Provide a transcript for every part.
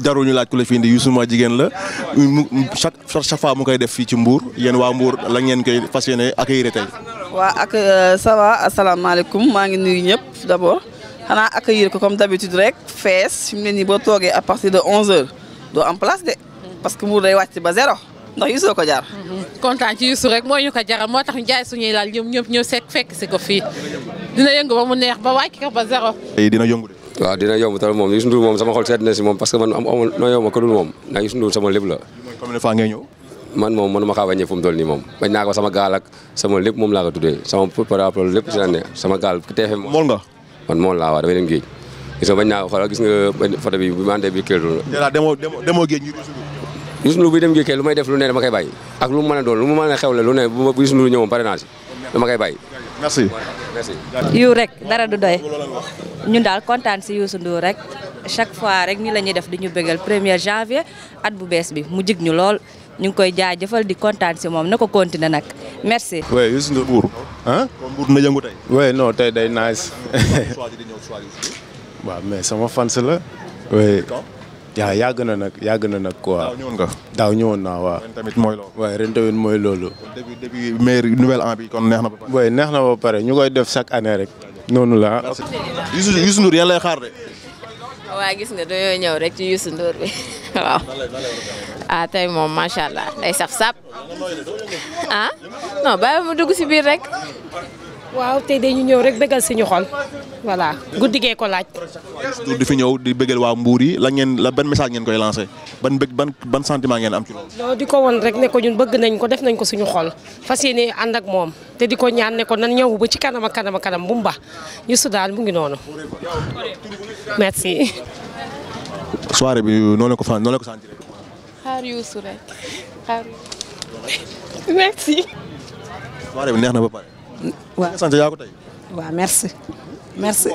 daru ñu laaj ku la fi indi Youssou ma jigéen la chaque chaque fois mu koy def fi ci Mbour yeen wa Mbour la ngeen koy fasiyene accueillir tay wa ak euh, ça va alaykum ma ngi nuyu ñep d'abord xana accueillir ko comme d'habitude rek fess fi mu bo nii à partir de 11h do am place de parce que Mbour day wacc ba zéro ndax Yusuf ko jaar content mhm. ci Youssou rek moo ñu ko jaral moo tax ñu jaay suñuy laal ñom ñep ñew sek fek ci ko fi dina yëngu ba mu neex ba wacc ko ba zéro dina yëngu de waaw dina yomb tal moom Youssou Ndour moom sama xol seet na moom parce que man am amul noo yomb ko dul moom ndax Youssou Ndour sama lépp la. combien de fois naa ko sama moom sama lépp la ne sama man mool laa waaw damay dem géej gis nga bañ naa ko xoolal gis géej ñu Youssou Ndour bi may def lu ne dama koy bàyyi ak pare naa dama koy bàyyi. merci yu rek dara du doy ñun daal kontaan si Youssou Ndour rek chaque fois rek nii la ñuy def di ñu bégal 1er janvier at bu bees bi mu jig ñu lool ñu ngi koy jëfal di kontaan si moom na ko continuer nag merci. oui Youssou Ndour Mbour. ah Mbour na tey. day nice. waaw mais sama fans la. oui. waaw yàgg na nag yàgg na nag quoi. daaw ñëwoon nga. daaw ñëwoon naa waaw. ren tamit mooy loolu. waaw ren tamit mooy loolu. début début maire nouvelle an bi kon neex na ba pare. waaye neex na ba pare ñu koy def chaque année rek. noonu la ah. Youssou Youssou Ndour yan lay de. waaw gis nga dañoo ñëw rek ci Youssou Ndour bi waaw. ah tey moom macha allah day saf sap ah non bàyyi mu dugg si waaw tey dañu ñëw rek bégal suñu xol voilà guddi ko laaj. du di fi ñëw di bégal wa Mbour yi la ngeen la ban message ngeen koy lancer ban ban ban sentiment ngeen am ci lo di ko won rek ne ko ñun bëgg nañ ko def nañ ko suñu xol fas and ak mom te di ko ñaan ne ko nan ñëw bu ci kanam ak kanam kanam bu mba ñu su daal mu ngi nonu merci. soirée bi noo ko fan noo ko sentir. xaar su rek xaar merci. soirée bi neex na ba pare waaw sant yaa ko merci. merci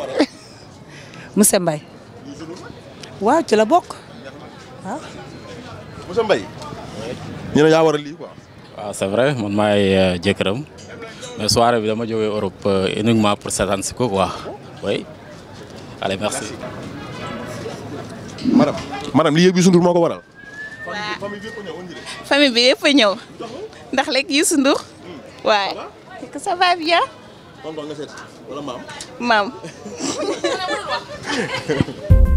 monsieur Mbaye. waaw ci la bokk waaw. monsieur Mbaye. ñu ne yaa war quoi. c'est vrai euh, mais soirée bi dama Europe euh, uniquement pour seetaan quoi oui. allez merci. Madam, madam, lii yëpp Youssou Ndour waral. famille bi yëpp a ndax léegi Youssou que ça va bien. maam. maam.